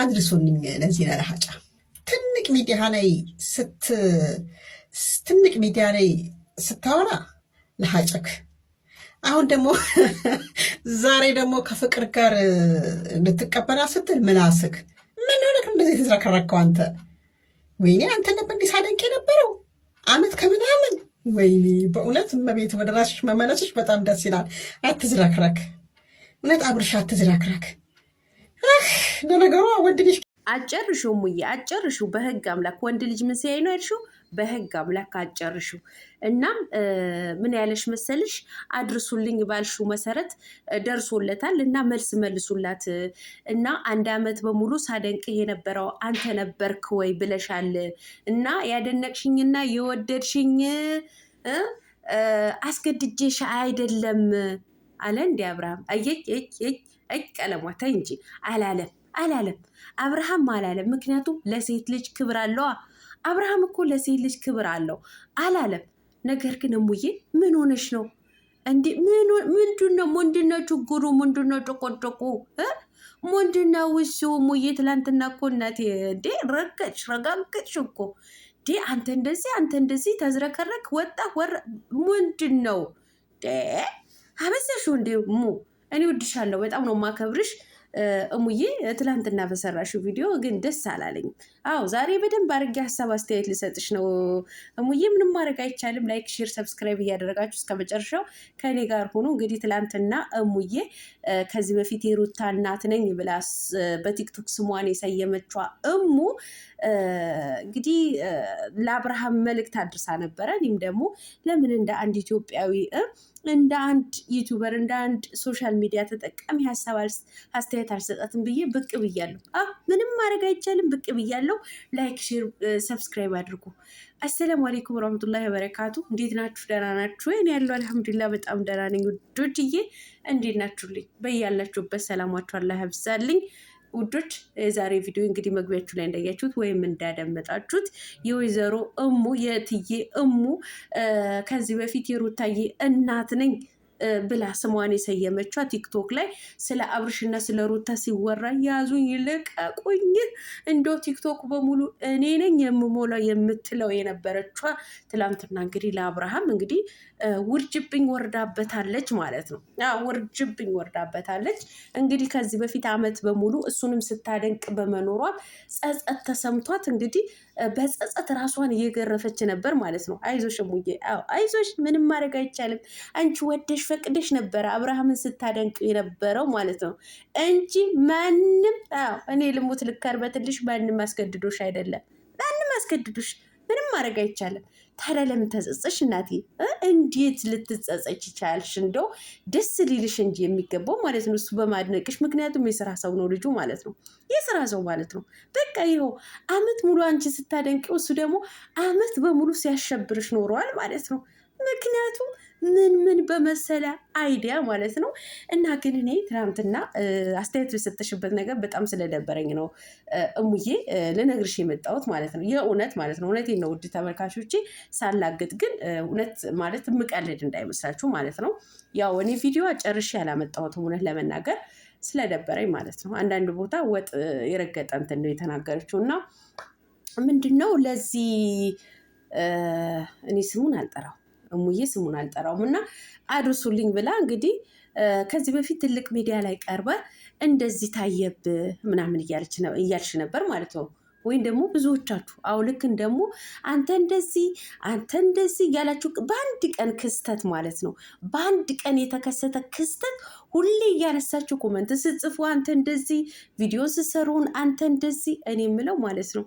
አድርሱልኝ ለዚህ ለረሃጫ ትንቅ ሚዲያ ላይ ትንቅ ሚዲያ ላይ ስታወራ ለሀጨክ አሁን ደግሞ ዛሬ ደግሞ ከፍቅር ጋር ልትቀበላ ስትል ምናስክ ምን ሆነክ እንደዚህ የተዝረከረከው አንተ? ወይኔ አንተ ነበር እንዲህ ሳደንቅ የነበረው አመት ከምናምን ወይኔ በእውነት መቤት ወደ ራስሽ መመለስሽ በጣም ደስ ይላል። አትዝረክረክ፣ እውነት አብርሻ አትዝረክረክ። ለነገሩ ወንድ ልጅ አጨርሹ ሙዬ አጨርሹ። በህግ አምላክ ወንድ ልጅ ምን ሲያይ ነው ያልሽው? በህግ አምላክ አጨርሹ። እናም ምን ያለሽ መሰልሽ አድርሱልኝ ባልሹ መሰረት ደርሶለታል እና መልስ መልሱላት እና አንድ አመት በሙሉ ሳደንቅህ የነበረው አንተ ነበርክ ወይ ብለሻል እና ያደነቅሽኝና የወደድሽኝ አስገድጄሽ አይደለም አለ እንዲ አብርሃም አየች ቀለሟ እንጂ አላለም አላለም አብርሃም አላለም። ምክንያቱም ለሴት ልጅ ክብር አለዋ። አብርሃም እኮ ለሴት ልጅ ክብር አለው አላለም። ነገር ግን እሙዬ ምን ሆነሽ ነው እንዲ ምንድነው? ምንድነው ችግሩ? ምንድነው ጭቆጭቁ? ምንድነው ውሱ? እሙዬ ትላንትና እኮ እናቴ እንዴ ረገጭ ረጋገጭ እኮ እንዴ አንተ እንደዚህ አንተ እንደዚህ ተዝረከረክ ወጣ ወረ ምንድነው? አበዛሽው እንዴ እኔ ወድሻለሁ፣ በጣም ነው ማከብርሽ እሙዬ ትላንትና በሰራሽው ቪዲዮ ግን ደስ አላለኝ አዎ ዛሬ በደንብ አድርጌ ሀሳብ አስተያየት ልሰጥሽ ነው እሙዬ። ምንም ማድረግ አይቻልም። ላይክ፣ ሼር፣ ሰብስክራይብ እያደረጋችሁ እስከ መጨረሻው ከእኔ ጋር ሆኖ እንግዲህ ትላንትና እሙዬ ከዚህ በፊት የሩታ እናት ነኝ ብላ በቲክቶክ ስሟን የሰየመቿ እሙ እንግዲህ ለአብርሃም መልእክት አድርሳ ነበረ። እኔም ደግሞ ለምን እንደ አንድ ኢትዮጵያዊ እንደ አንድ ዩቱበር እንደ አንድ ሶሻል ሚዲያ ተጠቃሚ ሀሳብ አስተያየት አልሰጣትም ብዬ ብቅ ብያለሁ። ምንም ማድረግ አይቻልም፣ ብቅ ብያለሁ። ላይክ፣ ሼር፣ ሰብስክራይብ አድርጉ። አሰላሙ አሌይኩም ወራህመቱላሂ ወበረካቱ። እንዴት ናችሁ? ደህና ናችሁ? እኔ ያለው አልሐምዱሊላ በጣም ደህና ነኝ። ውዶችዬ እንዴት ናችሁልኝ? በያላችሁበት ሰላማችሁ አላህ ያብዛልኝ። ውዶች የዛሬ ቪዲዮ እንግዲህ መግቢያችሁ ላይ እንዳያችሁት ወይም እንዳደመጣችሁት የወይዘሮ እሙ የትዬ እሙ ከዚህ በፊት የሩታዬ እናት ነኝ ብላ ስሟን የሰየመቿ ቲክቶክ ላይ ስለ አብርሽና ስለ ሩታ ሲወራ ያዙኝ ልቀቁኝ፣ እንደው ቲክቶክ በሙሉ እኔ ነኝ የምሞላው የምትለው የነበረቿ ትላንትና እንግዲህ ለአብርሃም እንግዲህ ውርጅብኝ ወርዳበታለች ማለት ነው። ውርጅብኝ ወርዳበታለች እንግዲህ ከዚህ በፊት አመት በሙሉ እሱንም ስታደንቅ በመኖሯ ጸጸት ተሰምቷት እንግዲህ በጸጸት ራሷን እየገረፈች ነበር ማለት ነው። አይዞሽ እሙዬ፣ አይዞሽ ምንም ማድረግ አይቻልም አንቺ ወደሽ ፈቅደሽ ነበረ አብርሃምን ስታደንቅ የነበረው ማለት ነው እንጂ ማንም እኔ ልሙት ልከርበትልሽ ማንም አስገድዶሽ አይደለም። ማንም አስገድዶሽ ምንም ማድረግ አይቻልም። ታዲያ ለምን ተጸጸሽ እናቴ? እንዴት ልትጸጸች ይቻልሽ? እንደው ደስ ሊልሽ እንጂ የሚገባው ማለት ነው እሱ በማድነቅሽ። ምክንያቱም የስራ ሰው ነው ልጁ ማለት ነው የስራ ሰው ማለት ነው። በቃ ይኸው አመት ሙሉ አንቺ ስታደንቂው እሱ ደግሞ አመት በሙሉ ሲያሸብርሽ ኖረዋል ማለት ነው ምክንያቱም ምን ምን በመሰለ አይዲያ ማለት ነው። እና ግን እኔ ትናንትና አስተያየት የሰጠሽበት ነገር በጣም ስለደበረኝ ነው እሙዬ ልነግርሽ የመጣሁት ማለት ነው። የእውነት ማለት ነው። እውነቴን ነው ውድ ተመልካቾቼ፣ ሳላግጥ ግን እውነት ማለት የምቀልድ እንዳይመስላችሁ ማለት ነው። ያው እኔ ቪዲዮ ጨርሼ ያላመጣሁትም እውነት ለመናገር ስለደበረኝ ማለት ነው። አንዳንድ ቦታ ወጥ የረገጠ እንትን ነው የተናገረችው እና ምንድን ነው ለዚህ እኔ ስሙን አልጠራው እሙዬ ስሙን አልጠራውም እና አድርሱልኝ ብላ እንግዲህ ከዚህ በፊት ትልቅ ሚዲያ ላይ ቀርበ እንደዚህ ታየብ ምናምን እያልሽ ነበር ማለት ነው። ወይም ደግሞ ብዙዎቻችሁ አውልክን ልክን ደግሞ አንተ እንደዚህ አንተ እንደዚህ እያላችሁ በአንድ ቀን ክስተት ማለት ነው። በአንድ ቀን የተከሰተ ክስተት ሁሌ እያነሳችሁ ኮመንት ስጽፉ አንተ እንደዚህ ቪዲዮ ስሰሩን አንተ እንደዚህ እኔ የምለው ማለት ነው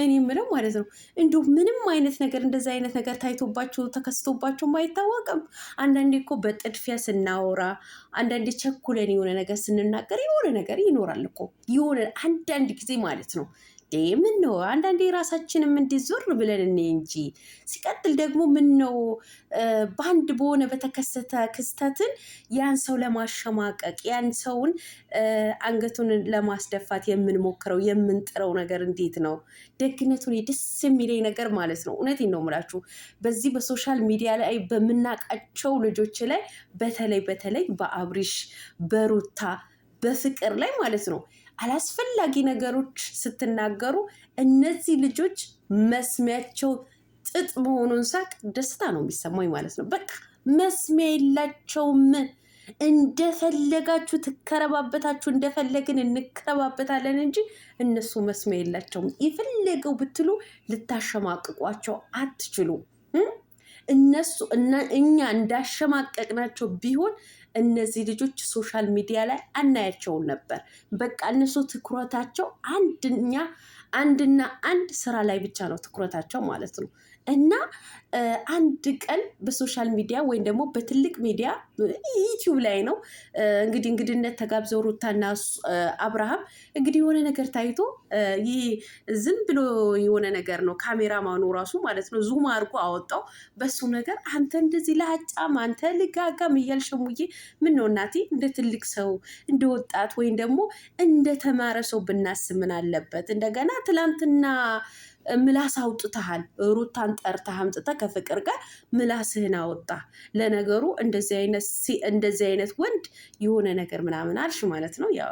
እኔ የምለው ማለት ነው እንዲሁ ምንም አይነት ነገር እንደዚ አይነት ነገር ታይቶባቸው ተከስቶባቸውም አይታወቅም። አንዳንዴ እኮ በጥድፊያ ስናወራ፣ አንዳንዴ ቸኩለን የሆነ ነገር ስንናገር የሆነ ነገር ይኖራል እኮ የሆነ አንዳንድ ጊዜ ማለት ነው ምን ነው አንዳንዴ ራሳችንም እንዲዞር ብለን እኔ እንጂ ሲቀጥል ደግሞ ምን ነው በአንድ በሆነ በተከሰተ ክስተትን ያን ሰው ለማሸማቀቅ ያን ሰውን አንገቱን ለማስደፋት የምንሞክረው የምንጥረው ነገር እንዴት ነው? ደግነቱን ደስ የሚለኝ ነገር ማለት ነው። እውነት ነው ምላችሁ በዚህ በሶሻል ሚዲያ ላይ በምናቃቸው ልጆች ላይ በተለይ በተለይ በአብሪሽ በሩታ በፍቅር ላይ ማለት ነው አላስፈላጊ ነገሮች ስትናገሩ እነዚህ ልጆች መስሚያቸው ጥጥ መሆኑን ሳቅ ደስታ ነው የሚሰማኝ ማለት ነው። በቃ መስሚያ የላቸውም። እንደፈለጋችሁ ትከረባበታችሁ፣ እንደፈለግን እንከረባበታለን እንጂ እነሱ መስሚያ የላቸውም። የፈለገው ብትሉ ልታሸማቅቋቸው አትችሉ። እነሱ እኛ እንዳሸማቀቅናቸው ቢሆን እነዚህ ልጆች ሶሻል ሚዲያ ላይ አናያቸውን ነበር። በቃ እነሱ ትኩረታቸው አንድኛ አንድና አንድ ስራ ላይ ብቻ ነው ትኩረታቸው ማለት ነው እና አንድ ቀን በሶሻል ሚዲያ ወይም ደግሞ በትልቅ ሚዲያ ዩቲዩብ ላይ ነው እንግዲህ እንግድነት ተጋብዘው ሩታና አብርሃም እንግዲህ የሆነ ነገር ታይቶ ይህ ዝም ብሎ የሆነ ነገር ነው። ካሜራ ማኑ ራሱ ማለት ነው ዙም አድርጎ አወጣው። በሱ ነገር አንተ እንደዚህ ለአጫም አንተ ልጋጋም እያልሸሙዬ ምን ነው እናቴ፣ እንደ ትልቅ ሰው እንደ ወጣት ወይም ደግሞ እንደ ተማረ ሰው ብናስብ ምን አለበት? እንደገና ትላንትና ምላስ አውጥተሃል ሩታን ጠርታ አምጥተህ ከፍቅር ጋር ምላስህን አወጣ። ለነገሩ እንደዚህ አይነት ወንድ የሆነ ነገር ምናምን አልሽ ማለት ነው። ያው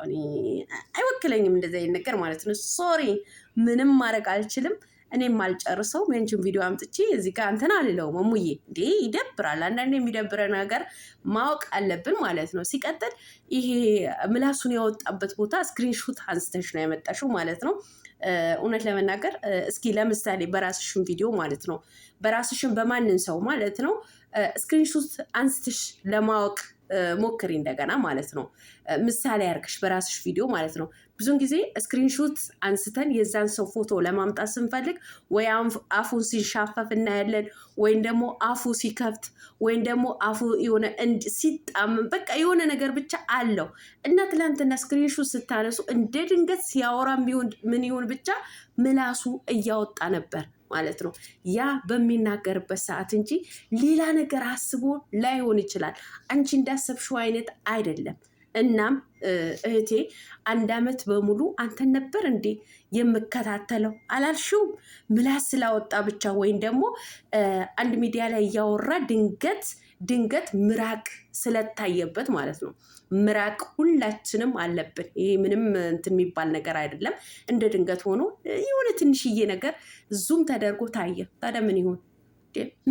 አይወክለኝም እንደዚህ አይነት ነገር ማለት ነው። ሶሪ፣ ምንም ማድረግ አልችልም። እኔም አልጨርሰው የአንቺን ቪዲዮ አምጥቼ እዚህ ጋር እንትን አልለውም። እሙዬ እንዴ ይደብራል። አንዳንድ የሚደብረ ነገር ማወቅ አለብን ማለት ነው። ሲቀጥል ይሄ ምላሱን ያወጣበት ቦታ ስክሪንሹት አንስተሽ ነው ያመጣሽው ማለት ነው። እውነት ለመናገር እስኪ ለምሳሌ በራስሽን ቪዲዮ ማለት ነው በራስሽን በማንን ሰው ማለት ነው ስክሪንሾት አንስትሽ ለማወቅ ሞክሪ እንደገና ማለት ነው። ምሳሌ ያርግሽ በራስሽ ቪዲዮ ማለት ነው። ብዙን ጊዜ ስክሪንሾት አንስተን የዛን ሰው ፎቶ ለማምጣት ስንፈልግ ወይ አፉን ሲንሻፈፍ እናያለን፣ ወይም ደግሞ አፉ ሲከፍት፣ ወይም ደግሞ አፉ የሆነ ሲጣምም፣ በቃ የሆነ ነገር ብቻ አለው እና ትላንትና ስክሪንሾት ስታነሱ እንደ ድንገት ሲያወራ ምን ይሁን ብቻ ምላሱ እያወጣ ነበር። ማለት ነው። ያ በሚናገርበት ሰዓት እንጂ ሌላ ነገር አስቦ ላይሆን ይችላል። አንቺ እንዳሰብሽው አይነት አይደለም። እናም እህቴ አንድ አመት በሙሉ አንተን ነበር እንዴ የምከታተለው አላልሽው? ምላስ ስላወጣ ብቻ ወይም ደግሞ አንድ ሚዲያ ላይ እያወራ ድንገት ድንገት ምራቅ ስለታየበት ማለት ነው። ምራቅ ሁላችንም አለብን። ይሄ ምንም እንትን የሚባል ነገር አይደለም። እንደ ድንገት ሆኖ የሆነ ትንሽዬ ነገር ዙም ተደርጎ ታየ። ታዲያ ምን ይሆን?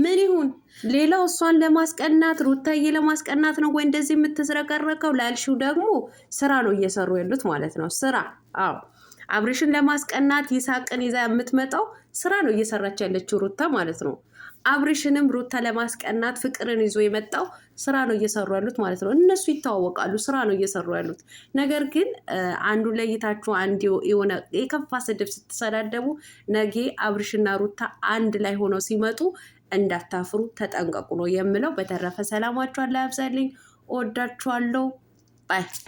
ምን ይሁን? ሌላው እሷን ለማስቀናት ሩታዬ ለማስቀናት ነው ወይ እንደዚህ የምትዝረቀረቀው ላልሽው ደግሞ ስራ ነው እየሰሩ ያሉት ማለት ነው። ስራ አዎ አብሬሽን ለማስቀናት ይሳቅን ይዛ የምትመጣው ስራ ነው እየሰራች ያለችው ሩታ ማለት ነው። አብሬሽንም ሩታ ለማስቀናት ፍቅርን ይዞ የመጣው ስራ ነው እየሰሩ ያሉት ማለት ነው። እነሱ ይተዋወቃሉ፣ ስራ ነው እየሰሩ ያሉት። ነገር ግን አንዱ ለይታችሁ አንድ የሆነ የከፋ ስድብ ስትሰዳደቡ ነጌ አብርሽና ሩታ አንድ ላይ ሆነው ሲመጡ እንዳታፍሩ ተጠንቀቁ ነው የምለው። በተረፈ ሰላማችኋን ላይ አብዛልኝ። እወዳችኋለሁ። ባይ